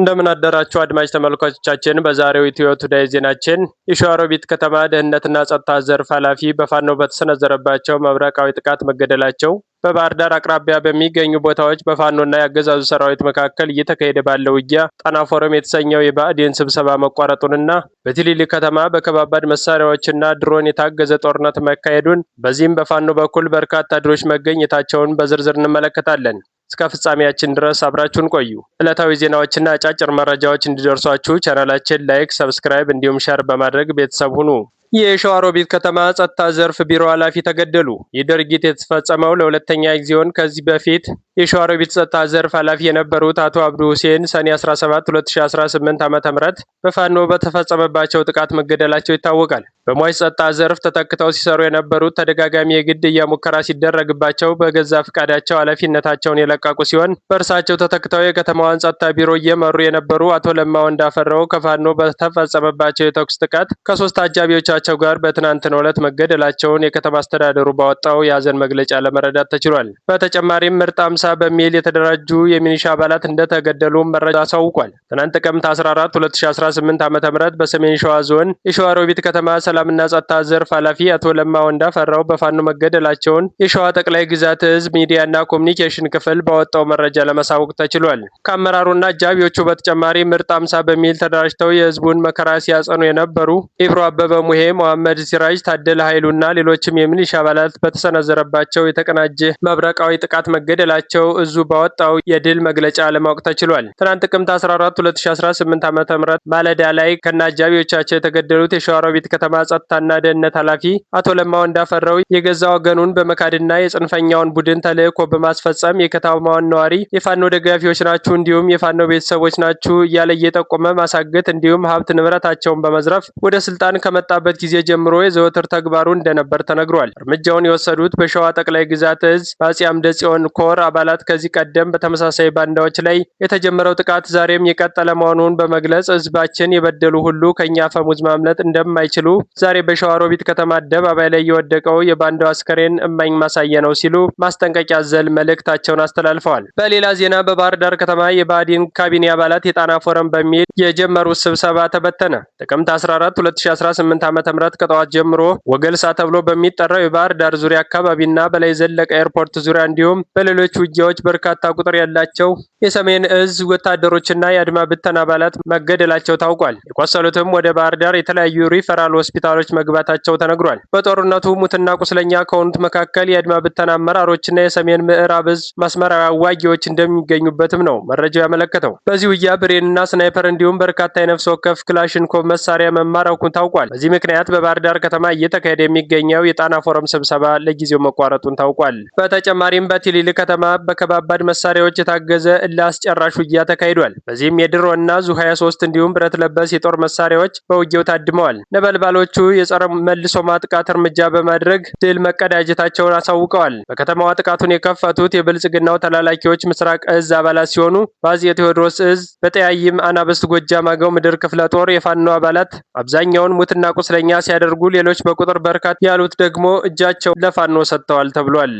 እንደምን አደራችሁ አድማጭ ተመልካቾቻችን። በዛሬው ኢትዮ ቱዴይ ዜናችን የሸዋሮቢት ከተማ ደህንነትና ጸጥታ ዘርፍ ኃላፊ በፋኖ በተሰነዘረባቸው መብረቃዊ ጥቃት መገደላቸው፣ በባህር ዳር አቅራቢያ በሚገኙ ቦታዎች በፋኖና የአገዛዙ ሰራዊት መካከል እየተካሄደ ባለው ውጊያ ጣና ፎረም የተሰኘው የብአዴን ስብሰባ መቋረጡንና በትሊሊ ከተማ በከባባድ መሳሪያዎችና ድሮን የታገዘ ጦርነት መካሄዱን፣ በዚህም በፋኖ በኩል በርካታ ድሮች መገኘታቸውን በዝርዝር እንመለከታለን። እስከ ፍጻሜያችን ድረስ አብራችሁን ቆዩ። ዕለታዊ ዜናዎችና አጫጭር መረጃዎች እንዲደርሷችሁ ቻናላችን ላይክ፣ ሰብስክራይብ እንዲሁም ሸር በማድረግ ቤተሰብ ሁኑ። የሸዋሮቢት ከተማ ጸጥታ ዘርፍ ቢሮ ኃላፊ ተገደሉ። ይህ ድርጊት የተፈጸመው ለሁለተኛ ጊዜውን ከዚህ በፊት የሸዋሮቢት ጸጥታ ዘርፍ ኃላፊ የነበሩት አቶ አብዱ ሁሴን ሰኔ 17 2018 ዓ ም በፋኖ በተፈጸመባቸው ጥቃት መገደላቸው ይታወቃል። በሟች ጸጥታ ዘርፍ ተተክተው ሲሰሩ የነበሩት ተደጋጋሚ የግድያ ሙከራ ሲደረግባቸው በገዛ ፍቃዳቸው ኃላፊነታቸውን የለቀቁ ሲሆን በእርሳቸው ተተክተው የከተማዋን ጸጥታ ቢሮ እየመሩ የነበሩ አቶ ለማ ወንዳፈራው ከፋኖ በተፈጸመባቸው የተኩስ ጥቃት ከሶስት አጃቢዎቻቸው ጋር በትናንትናው ዕለት መገደላቸውን የከተማ አስተዳደሩ ባወጣው የሀዘን መግለጫ ለመረዳት ተችሏል። በተጨማሪም ምርጥ አምሳ በሚል የተደራጁ የሚኒሻ አባላት እንደተገደሉ መረጃ አሳውቋል። ትናንት ጥቅምት 14 2018 ዓ ም በሰሜን ሸዋ ዞን የሸዋሮቢት ከተማ ሰላምና ጸጥታ ዘርፍ ኃላፊ አቶ ለማ ወንዳ ፈራው በፋኖ መገደላቸውን የሸዋ ጠቅላይ ግዛት ህዝብ ሚዲያና ኮሚኒኬሽን ክፍል ባወጣው መረጃ ለመሳወቅ ተችሏል። ከአመራሩና አጃቢዎቹ በተጨማሪ ምርጥ አምሳ በሚል ተደራጅተው የህዝቡን መከራ ሲያጸኑ የነበሩ ኢብሮ አበበ ሙሄ፣ መሐመድ ሲራጅ፣ ታደለ ኃይሉና ሌሎችም የሚሊሻ አባላት በተሰነዘረባቸው የተቀናጀ መብረቃዊ ጥቃት መገደላቸው እዙ ባወጣው የድል መግለጫ ለማወቅ ተችሏል። ትናንት ጥቅምት 14 2018 ዓ ም ማለዳ ላይ ከነ አጃቢዎቻቸው የተገደሉት የሸዋሮቢት ከተማ ጸጥታና ደህንነት ኃላፊ አቶ ለማ እንዳፈረው የገዛ ወገኑን በመካድና የጽንፈኛውን ቡድን ተልዕኮ በማስፈጸም የከተማዋን ነዋሪ የፋኖ ደጋፊዎች ናችሁ እንዲሁም የፋኖ ቤተሰቦች ናችሁ እያለ እየጠቆመ ማሳገት እንዲሁም ሀብት ንብረታቸውን በመዝረፍ ወደ ስልጣን ከመጣበት ጊዜ ጀምሮ የዘወትር ተግባሩ እንደነበር ተነግሯል። እርምጃውን የወሰዱት በሸዋ ጠቅላይ ግዛት እዝ በአጼ አምደ ጽዮን ኮር አባላት ከዚህ ቀደም በተመሳሳይ ባንዳዎች ላይ የተጀመረው ጥቃት ዛሬም የቀጠለ መሆኑን በመግለጽ ህዝባችን የበደሉ ሁሉ ከኛ አፈሙዝ ማምለጥ እንደማይችሉ ዛሬ በሸዋሮቢት ከተማ አደባባይ ላይ የወደቀው የባንዳው አስከሬን እማኝ ማሳያ ነው ሲሉ ማስጠንቀቂያ ዘል መልእክታቸውን አስተላልፈዋል። በሌላ ዜና በባህር ዳር ከተማ የባዲን ካቢኔ አባላት የጣና ፎረም በሚል የጀመሩት ስብሰባ ተበተነ። ጥቅምት 14 2018 ዓ ም ከጠዋት ጀምሮ ወገልሳ ተብሎ በሚጠራው የባህር ዳር ዙሪያ አካባቢና በላይ ዘለቀ ኤርፖርት ዙሪያ እንዲሁም በሌሎች ውጊያዎች በርካታ ቁጥር ያላቸው የሰሜን እዝ ወታደሮችና የአድማ ብተን አባላት መገደላቸው ታውቋል። የቆሰሉትም ወደ ባህር ዳር የተለያዩ ሪፈራል ሆስፒታል ሆስፒታሎች መግባታቸው ተነግሯል። በጦርነቱ ሙትና ቁስለኛ ከሆኑት መካከል የአድማ ብተና አመራሮችና የሰሜን ምዕራብ እዝ አዋጊዎች እንደሚገኙበትም ነው መረጃው ያመለከተው። በዚህ ውጊያ ብሬንና ስናይፐር እንዲሁም በርካታ የነፍስ ወከፍ ክላሽንኮቭ መሳሪያ መማረኩን ታውቋል። በዚህ ምክንያት በባህር ዳር ከተማ እየተካሄደ የሚገኘው የጣና ፎረም ስብሰባ ለጊዜው መቋረጡን ታውቋል። በተጨማሪም በቲሊል ከተማ በከባባድ መሳሪያዎች የታገዘ እልህ አስጨራሽ ውጊያ ተካሂዷል። በዚህም የድሮና ዙ 23 እንዲሁም ብረት ለበስ የጦር መሳሪያዎች በውጊያው ታድመዋል። ነበልባሎቹ ቡድኖቹ የጸረ መልሶ ማጥቃት እርምጃ በማድረግ ድል መቀዳጀታቸውን አሳውቀዋል። በከተማዋ ጥቃቱን የከፈቱት የብልጽግናው ተላላኪዎች ምስራቅ እዝ አባላት ሲሆኑ በአጼ ቴዎድሮስ እዝ በጠያይም አናብስት ጎጃም አገው ምድር ክፍለ ጦር የፋኖ አባላት አብዛኛውን ሙትና ቁስለኛ ሲያደርጉ፣ ሌሎች በቁጥር በርካት ያሉት ደግሞ እጃቸው ለፋኖ ሰጥተዋል ተብሏል።